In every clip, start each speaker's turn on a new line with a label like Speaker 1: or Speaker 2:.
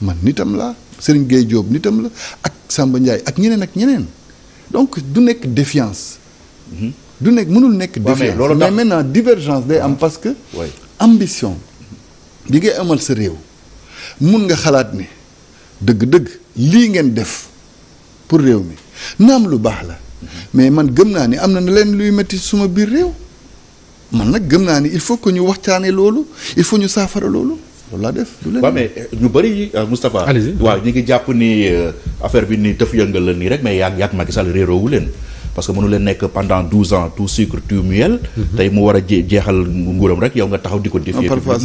Speaker 1: man nitam la Serigne Gueye Diop nitam la ak Samba Ndiaye ak ñeneen ak ñeneen donc du nekk défiance. Mhm. du nekk mënul nekk. défiance mais, mais maintenant divergence day am parce que. Oui. ambition bi ngay amal sa réew mun nga xalaat ni dëgg-dëgg lii ngeen def pour réew mi naam lu baax la. Mhm. mais man gëm naa ni am na leen luy metti suma biir réew. man nag gëm naa ni il faut que ñu waxtaanee loolu il faut ñu saafara loolu. loolu def du mais euh, ñu
Speaker 2: bëri euh, Moustapha. waaw ñu ngi jàpp ni euh, affaire bi ni tëf yëngal la nii rek mais yaag yaag Macky réeroowu leen. parce que mënu nekk pendant douze ans tout sucre tout miel. Mhm. tey mu war a jeexal nguuram rek yow nga taxaw di ko. défier parfois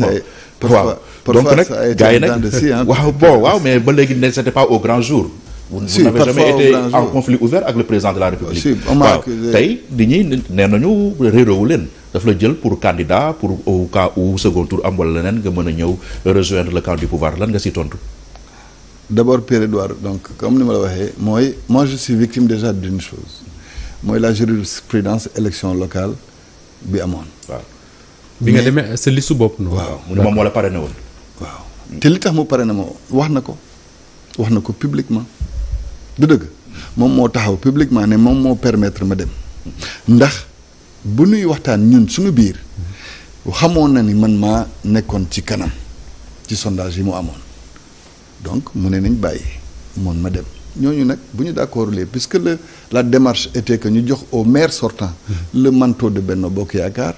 Speaker 2: parfois donc nag gars yi waaw bon waaw mais ba léegi ne pas au grand jour. vous si, n'avez jamais été en conflit ouvert avec le président de la République. waaw tey di ñuy nee nañu réeroowu leen. daf la jël pour candidat pour au cas où second tour am wala leneen nga mën a ñëw rejoindre le camp du pouvoir lan nga si
Speaker 1: tontu. d'abord Pierre Edouard donc comme ni ma la waxee mooy moi je suis victime déjà d'une chose mooy la jurisprudence élection locale bi amoon. waaw bi nga demee sa su bopp noonu. waaw mu ne wala pare na woon. waaw te li tax mu pare na ma wax na ko wax na ko publiquement du dëgg moom moo taxaw publiquement ne moom moo permettre ma dem ndax. bu nuy waxtaan ñun suñu biir xamoon na ni man maa nekkoon ci kanam ci sondage yi mu amoon donc mu ne nañ bàyyi moon ma dem ñooñu nag bu ñu d'accord lee puisque le la démarche était que ñu jox au maire sortant mmh. le manteau de Benno Bokk Yaakaar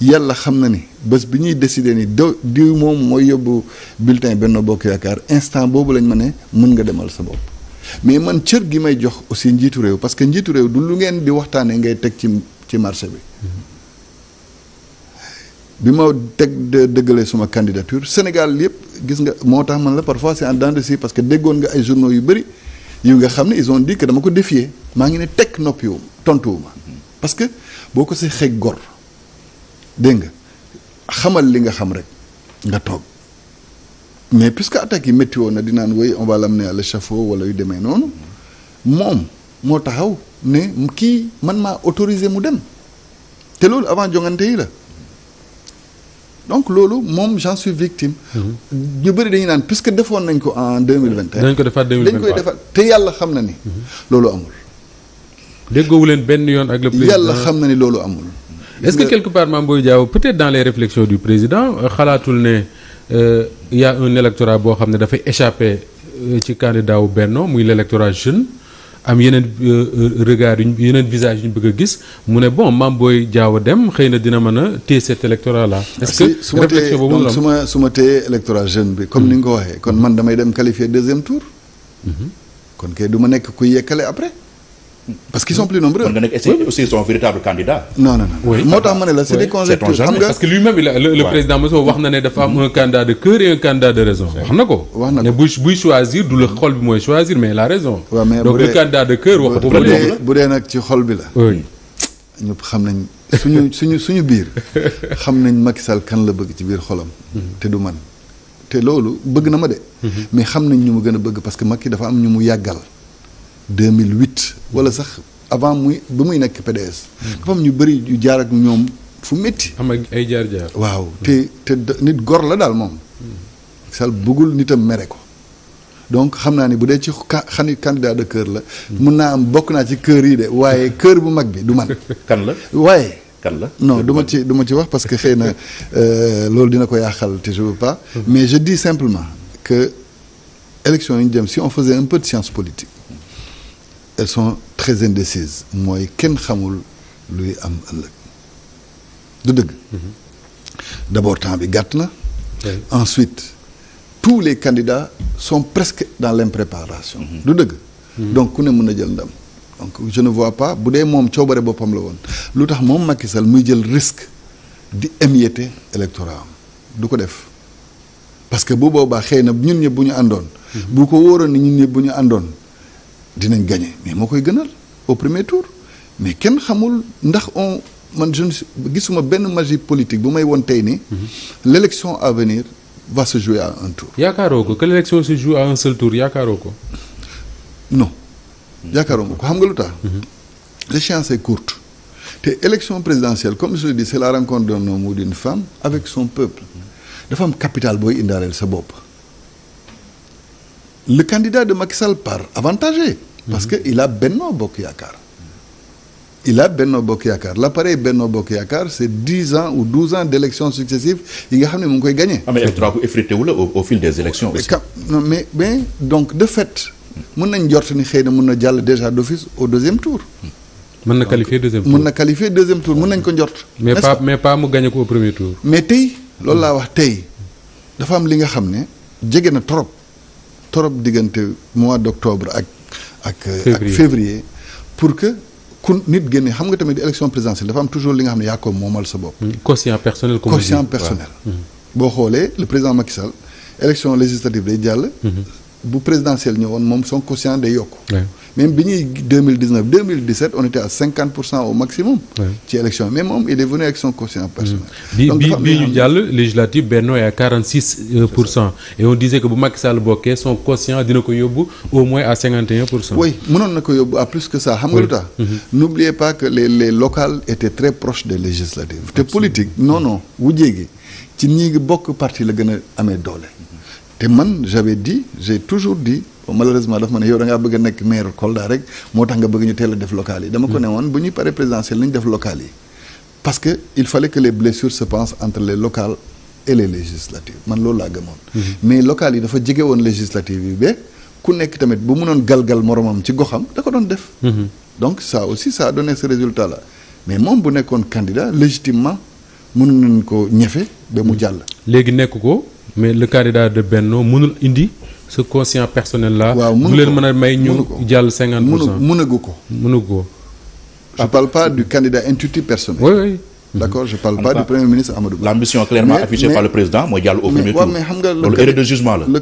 Speaker 1: yàlla xam na ni bés bi ñuy décider ni do di moom mooy yóbbu bulletin Benno Bokk Yaakaar instant boobu lañ ma ne mën nga demal sa bopp mais man cër gi may jox aussi njiitu réew parce que njiitu réew du lu ngeen di waxtaanee ngay teg ci ci marché bi bi ma teg dëggalee suma candidature Sénégal yëpp gis nga moo tax man la parfois c'est en dents de parce que déggoon nga ay journaux yu bëri yu nga xam ne ils ont dit dama ko défier maa ngi ne teg noppiwu tontuwuma parce que boo ko si xeeg gor dégg nga xamal li nga xam rek nga toog mais puisque attaques yi métti woon na naan woy on va l'amener à l'échafaud wala yu demee noonu moom moo taxaw ne kii man maa autorisé mu dem te loolu avant jongante yi la donc loolu moom j'en suis victime. Mm-hmm. ñu bëri dañu naan puisque defoon nañ ko en deux mille vingt et un. dañ ko defaat deux mille vingt koy defaat te yàlla xam na ni. Mm-hmm. loolu amul. déggoowu leen benn yoon ak le président yàlla xam na ni loolu amul. est-ce que quelque part Mame Boye Diao
Speaker 3: peut-être dans les réflexions du président euh, xalaatul ne euh, y a un électorat boo xam ne dafay échappé euh, ci candidat wu Benno muy l'électorat jeune. am yeneen euh, euh, regard yu yeneen visage ñu bëgg a gis mu ne bon maam booy jaaw a dem xëy na dina mën a téye cet électorat là. Ah, est-ce que réflexion boobu la su
Speaker 1: ma su ma téye électorat jeune bi comme ni nga ko waxee kon man damay dem qualifier deuxième tour. Mm-hmm. kon kay du ma nekk ku yekkale après. parce que sont plus nombreux. mën nga nekk essayer
Speaker 2: aussi son véritable candidat.
Speaker 1: non non moo tax ma ne la c'est des conjectures
Speaker 2: xam nga parce que lui a le,
Speaker 3: président Moussa wax na ne dafa am un candidat de cœur un candidat de raison. wax na ko wax na ko ne buy buy choisir du la xol bi mooy choisir mais la a raison. waaw mais donc le candidat de cœur wax
Speaker 1: bu dee nag ci xol bi la. oui ñëpp xam nañ su ñu suñu suñu biir xam nañ Macky sal kan la bëgg ci biir xolam. Mhm. te du man te loolu bëgg na ma de. Mhm. mais xam nañ ñu mu gën a bëgg parce que Macky dafa am ñu mu yàggal. 2008 wala sax avant muy ba muy nekk PDS. dafa am ñu bëri yu jaar ak ñoom fu métti. am
Speaker 3: ay jaar jaar. waaw
Speaker 1: te te nit gor la daal moom. sal bëggul nitam mere ko. donc xam naa ni bu dee ci xani candidat de kër la. mun naa am bokk naa ci kër yi de waaye kër bu mag bi du man. kan la waaye. kan la non du ma ci du ma ci wax parce que xëy na euh, loolu dina ko yaaxal te je veux pas. mais je dis simplement que élection yi ñu jëm si on faisait un peu de science politique. elles sont très indécises mooy kenn xamul luy am ëllëg du dëgg mm-hmm. d'abord temps bi gàtt na ensuite tous les candidats sont presque dans l'impréparation mm-hmm. du dëgg mm-hmm. donc ku ne mën a jël ndam donc je ne vois bu dee moom coobare boppam la woon lu tax moom Macky Sall muy jël risque di émietter électorat du ko def parce que bu boobaa xëy na ñun ñëpp bu ñu àndoon bu ko wóoroon ni ñun ñëpp bu ñu àndoon dinañ gagné mais moo koy gënal au premier tour mais kenn xamul ndax on man je gisuma benn magie politique bu may woon tey nii. Mhm. l'élection à venir va se jouer à un tour.
Speaker 3: yaakaaroo ko que l'élection se joue à un seul tour yaakaaroo ko.
Speaker 1: non yaakaaroo ko xam nga lu tax. Mhm. l'échéance est courte te élection présidentielle comme je le dis c'est la rencontre d'un homme ou d'une femme avec son peuple mhm. dafa am capital booy indaaleel sa bopp. le candidat de Macky Sall part avantagé. parce que il a Benno Bokk Yaakaar. il a Benno Bokk Yaakaar la l'appareil Benno Bokk Yaakaar c'est dix ans ou douze ans d'élections successives yi nga xam ne mu ngi koy gagné. ah mais électorat bu
Speaker 2: effrité wu la au
Speaker 1: mais mais donc de fait. mën nañ jort ni xëy na mun na jàll déjà d'office au deuxième tour.
Speaker 3: mën na qualifier mën na
Speaker 1: qualifier deuxième tour mën nañ ko njort. mais pas
Speaker 3: pas mu gagné ko au premier tour.
Speaker 1: mais tey loolu laa wax tey dafa am li nga xam ne jege na trop. torop diggante mois d' octobre ak ak ak février pour que ku nit génne xam nga tamit élection présidentielle dafa am toujours li nga xam ne yaa ko moomal sa bopp hmm.
Speaker 3: quotient personnel comme quotient personnel hmm.
Speaker 1: boo xoolee le président Macky Sall élection législative day jàll hmm. bu présidentielle ñëwoon moom son quotient day yokk même bi ñuy 2019 2017 on était à pour cent au maximum. ci élection mais moom il est venu avec son quotient personnel. donc bi bi ñu jàll
Speaker 3: législative Benno est à 46 euh, pour cent. et on disait que bu Macky Sall bokkee son quotient dina ko yóbbu au moins à 51 pour cent. oui
Speaker 1: mënoon na ko yóbbu à plus que ça. xam nga lu tax mhm. n'oubliez pas que les les locales étaient très proches des législatives. te politique non non wujjee gi ci ñi ngi bokk parti la gën a amee doole. te man j'avais dit toujours dit. bon malheureusement daf ma ne yow da ngaa bëgg a nekk maire Kolda rek moo tax nga bëgg ñu teel a def local yi dama ko ne woon bu ñuy paree présidentielle nañ def local yi parce que il fallait que les blessures se passent entre les locales et les législatives man loolu laa gëmoon mhm. mais local yi dafa jege woon législatives yi ba ku nekk tamit bu mënoon galgal moromam ci goxam da ko doon def mhm. donc ça aussi ça a donné ce résultat la mais moom bu nekkoon candidat légitimement mënu nañ ko ñefe ba mu jàll
Speaker 3: léegi nekk ko mais le candidat de Benno mënul indi ce conscient personnel là. waaw mu ko leen mën a may ñu jàll cinquante pour cent
Speaker 1: mënagu ko mënagu ko. je parle pas du candidat intuitif personnel. oui oui. Mm-hmm. d'accord je parle pas du premier ministre Amadou Ba. l'ambition clairement affichée par le président mooy jàll au premier tour. mais xam nga loolu erreur de jugement la. le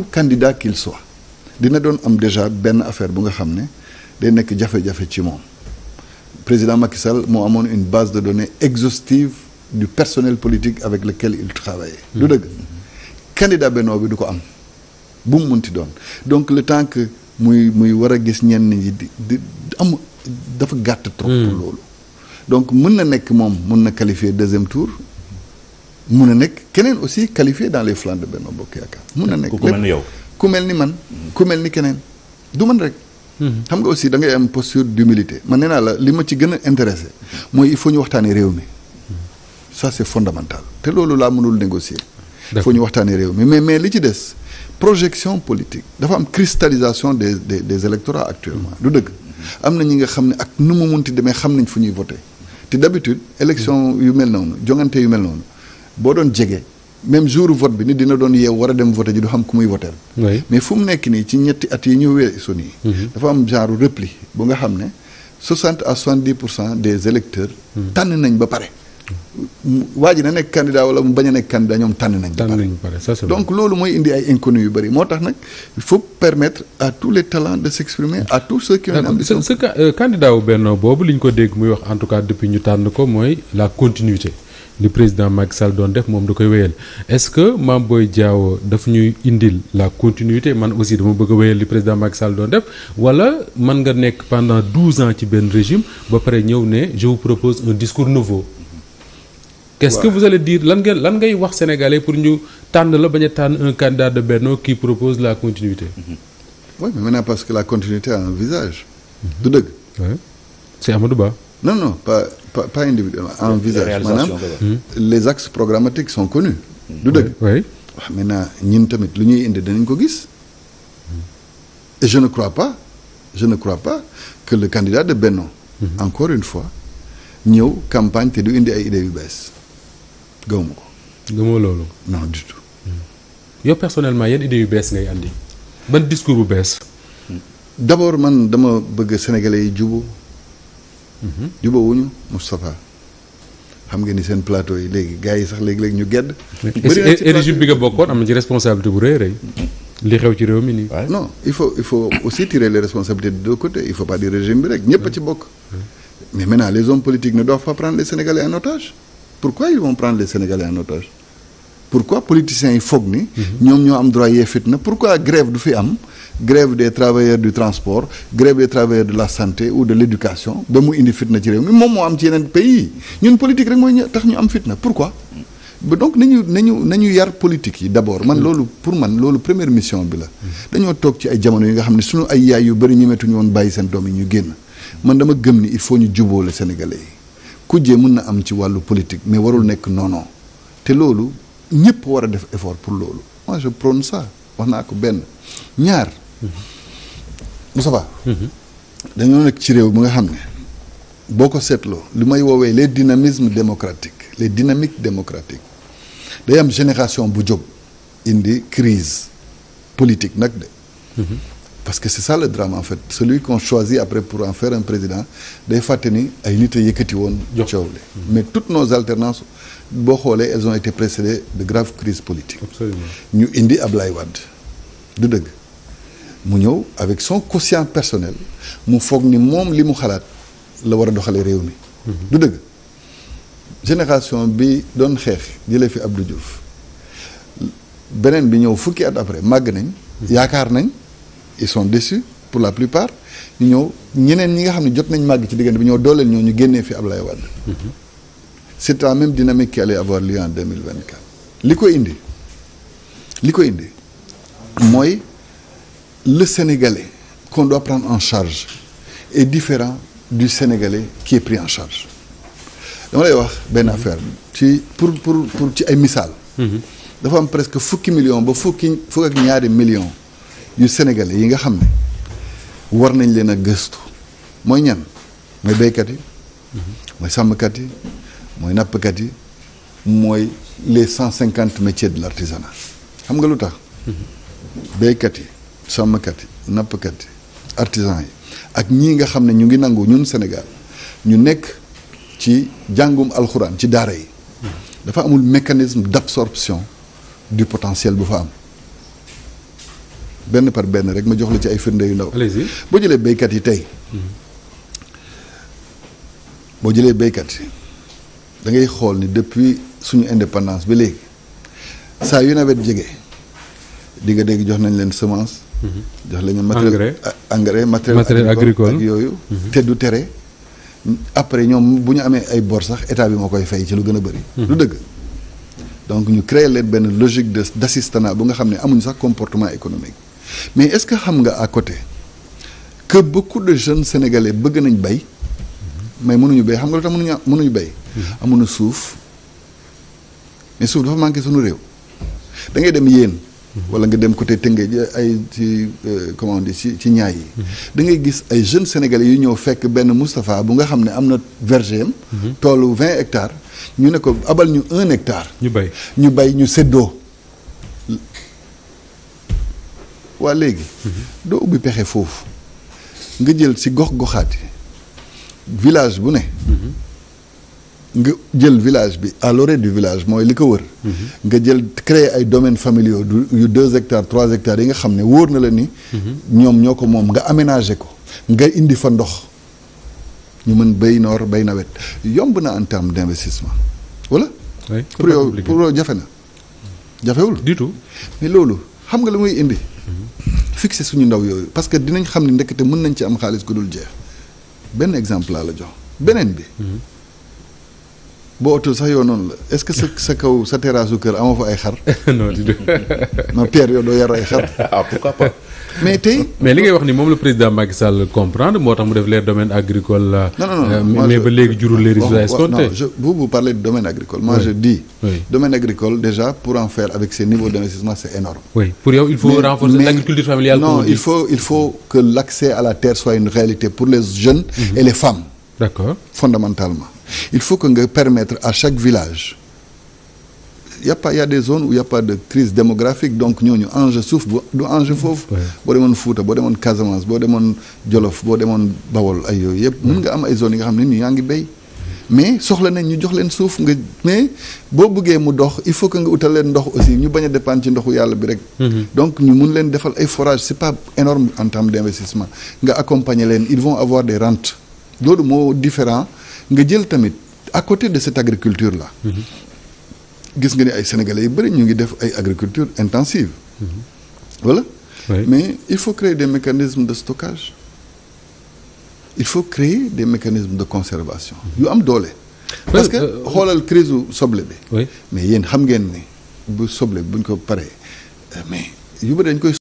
Speaker 1: candidat qu'il soit. dina doon am déjà benn affaire bu nga xam ne day nekk jafe-jafe ci moom président Macky Sall moo amoon une base de données exhaustive. du personnel politique avec le lequel il travaillait. lu dëgg candidat Benno bi du ko am bu mu mun munti doon donc le temps que muy muy war a gis ñenn ñi di di am dafa gàtt trop. Hmm. loolu donc mun na nekk moom mun na qualifier deuxième tour. mun na nekk keneen aussi qualifié dans les flancs de Benno Bokk Yaakaar. mun na nekk ku mel ni yow ku ni man. ku mel ni keneen du man rek. Hmm. xam nga aussi da am posture d'humilité man nee naa la li ma ci gën a intéressé mooy il faut ñu waxtaanee réew mi. ça c'est fondamental te loolu laa mënul négocier faut ñu waxtaanee réew mi mais mais li ci des projection politique dafa am cristallisation des des des électorats actuellement du dëgg am na ñi nga xam ne ak nu mu ti demee xam nañ fu ñuy voté te d'habitude élection yu mel noonu jongante yu mel noonu boo doon jege même jour vote bi nit dina doon yeew war a dem voté ji du xam ku muy voteel mais fu mu nekk nii ci ñetti at yi ñu weesu nii mhm. dafa am genre repli bu nga xam ne soixante à soixante-dix pour cent des électeurs mhm. tànn nañ ba pare waa ji na nekk candidat wala mu bañ a nekk candidat ñoom tànn nañ. tànn nañ pare ça c'est donc loolu mooy indi ay inconnus yu bëri moo tax nag il faut à tous les talents de s'exprimer à tous ceux qui ont une ce
Speaker 3: euh, li ñu ko dégg muy wax en tout cas depuis ñu tànn ko mooy la continuité li président Macky Sall doon def moom da koy wéyal est-ce que maam booy Diao daf ñuy indil la continuité man aussi dama bëgg a li président Macky Sall doon def wala man nga nekk pendant douze ans ci benn régime ba pare ñëw ne je vous propose un discours nouveau. qu'est-ce que vous allez dire lan nga lan ngay wax sénégalais pour ñu tànn la bañ a tànn un candidat de Benno qui propose la continuité mm-hmm.
Speaker 1: oui mais maintenant parce que la continuité a un visage mm-hmm. du dëgg c'est Amadou Ba non non pas pas, pas individuellement en visage mm-hmm. les axes programmatiques sont connus du dëgg oui wax ah, maintenant ñun tamit lu ñuy indi danañ ko gis et je ne crois pas je ne crois pas que le candidat de Benno encore une fois ñëw campagne te du indi ay idées gëwuma ko. gëmoo loolu. non du tout. Hmm.
Speaker 3: yow personnellement yan idées yu bees ngay àndi
Speaker 1: ban discours bu bees. d' abord man dama bëgg sénégalais yi jubo hmm. jubóo. jubóo wuñu Moustapha. xam nga ni seen plateau yi léegi gars yi sax léegi-léegi ñu gedd.
Speaker 3: régime bi nga bokkoon am na ci responsabilité bu rëy rëy. li xew ci réew mi nii.
Speaker 1: non il faut il faut aussi tirer les responsabilités de deux côtés il faut pas dire régime bi rek ñëpp a ci bokk. mais maintenant les hommes politiques ne doivent pas prendre les pourquoi ils vont prendre les Sénégalais en otage pourquoi politiciens yi foog ni ñoom ñoo am droit yee fitna pourquoi grève du fi am grève des travailleurs du transport grève des travailleurs de la santé ou de l'éducation ba mu indi fitna ci réew mi moom moo am ci yeneen pays yi ñun politique rek mooy tax ñu am fitna pourquoi donc ñu nañu ñu yar politique yi d'abord man mm. loolu pour man loolu première mission bi la mm. dañoo toog ci ay jamono yi nga xam ne suñu ay yaay yu bëri ñemetuñu woon bàyyi seen doom yi ñu génn man dama gëm ni il faut ñu jubóole sénégalais kujjee mën na am ci wàllu politique mais warul nekk non te loolu ñëpp war a def effort pour loolu moi je prône ça wax naa ko benn ñaar Moustapha mhm. dañoo nekk ci réew bi nga xam ne boo ko seetloo li may woowee les dynamismes démocratiques les dynamiques démocratiques day am génération bu jóg indi crise politique nag de mhm. parce que c'est ça le drame en fait celui qu'on choisit après pour en faire un président day fàtte ni ay nit a yëkkati woon coow li mm-hmm. mais toutes nos alternances boo xoolee elles ont été précédées de graves crises politiques ñu indi Ablaye Wade du dëgg mu ñëw avec son quotient personnel mu foog ni moom li mu xalaat la war a doxalee réew mi mm-hmm. du dëgg génération bi doon xeex jële fi Abdou Diouf beneen bi ñëw fukki at après màgg nañ mm-hmm. yaakaar nañ ils sont déçus pour la plupart ñu ñëw ñeneen ñi nga xam ne jot nañ màgg ci diggante bi ñoo dooleel ñoo ñu génnee fi Ablaye Wade mhm. c'est la même dynamique qui allait avoir lieu en 2024 li ko indi li ko indi mooy le Sénégalais kon doit prendre en charge est différent du Sénégalais qui est pris en charge dama lay wax benn mhm. affaire ci pour pour pour ci ay misaal mhm. dafa am presque fukki million ba fukki fukk ak ñaari million yu sénégalais yi nga xam ne war nañ leen a gëstu mooy ñan mooy béykat yi mooy sàmmkat yi mooy nappkat yi mooy les cent cinquante métiers de l'artisanat xam nga lu tax béykat yi sàmmkat yi nappkat yi artisan yi ak ñii nga xam ne ñu ngi nangu ñun Sénégal ñu nekk ci jàngum alxuraan ci daara yi dafa amul mécanisme d'absorption du potentiel bu fa am benn par benn rek ma jox la ci ay firnde yu ndaw. boo jëlee béykat yi tey. boo jëlee béykat yi da ngay xool ni depuis suñu indépendance bi léegi saa yu nawet jege di nga dégg jox nañ leen semence. Mhm. jox leen matériel engrais matériel agricole ak yooyu. Mhm. te du tere après ñoom bu ñu amee ay bor sax état bi moo koy fay ci lu gën a bëri. Mhm. lu dëgg. donc ñu créer leen benn logique de d' assistanat bu nga xam ne amuñu sax comportement économique. mais est-ce que xam nga à côté que beaucoup de jeunes sénégalais bëgg nañ bay mais mënuñu bay xam nga lu tax mënuñu mënuñu bay amuñu suuf mais suuf dafa manqué suñu réew da ngay dem yéen wala nga dem côté Tëngéej ay ci euh, comment on dit ci ci ñaay yi da ngay gis ay jeunes sénégalais yu ñëw fekk benn Moustapha bu nga xam ne am na verger mhm. tollu vingt hectares ñu ne ko abal ñu un hectare ñu bay ñu bay ñu séddoo waa léegi doo ubbi pexe foofu nga jël si gox goxaati village bu ne nga jël village bi à l'orée du village mooy li ko wër nga jël créer ay domaines familiaux yu deux hectares trois hectares yi nga xam ne wóor na la ni ñoom ñoo ko moom nga aménager ko nga indi fa ndox ñu mën bay noor bay nawet yomb na en terme d'investissement wala pour yow pour yow jafe na jafewul du tout loolu xam nga lu muy indi fixe suñu ndaw yooyu parce que dinañ xam ne ndekete mën nañ ci am xaalis gu dul jeex benn exemple laa la jox beneen bi boo otul sax yow noonu la est-ce que sa sa kaw sa terraasu kër amoo fa ay xar. non di yow doo yar ay xar. Ah, mais tey. mais li ngay wax ni
Speaker 3: moom la président Macky Sall comprendre moo tax mu def les domaines agricoles. Euh, non non non mais ba léegi jurul les résultats escomptés.
Speaker 1: je vous vous parlez du domaine agricole. moi je dis. domaine agricole déjà pour en faire avec ces niveaux d'investissement c'est énorme. pour yow il faut renforcer l'agriculture familiale. non il faut à la terre soit une réalité pour les jeunes. Mhm. d'accord fondamentalement il faut que nga permettre à chaque village y a pas y a des zones où y a pas de crise démographique donc ñooñu enjeu suuf bu du enjeu foofu boo demoon Fuuta boo demoon Casamance boo demoon Jolof boo demoon Bawol ay yooyu yëpp mën nga am ay zones yi nga xam ne nii yaa ngi béy mais soxla nañ ñu jox leen suuf nga mais boo bëggee mu dox il faut que nga utal leen ndox aussi ñu bañ a dépendre ci ndoxu yàlla bi rek mhm. donc ñu mun leen defal ay forage c'est pas énorme en termes d'investissement nga leen ils vont des rentes loolu moo différent nga jël tamit à côté de cette agriculture la mhm. gis nga ni ay sénégalais yu bëri ñu ngi def ay agriculture intensive. Mhm. voilà mais il faut créer des mécanismes de stockage il faut créer des mécanismes de conservation mhm. yu am doole. parce que euh, xoolal crise u soble bi mais yéen xam ngeen ni bu soble buñ ko paree mais yu bëri dañ koy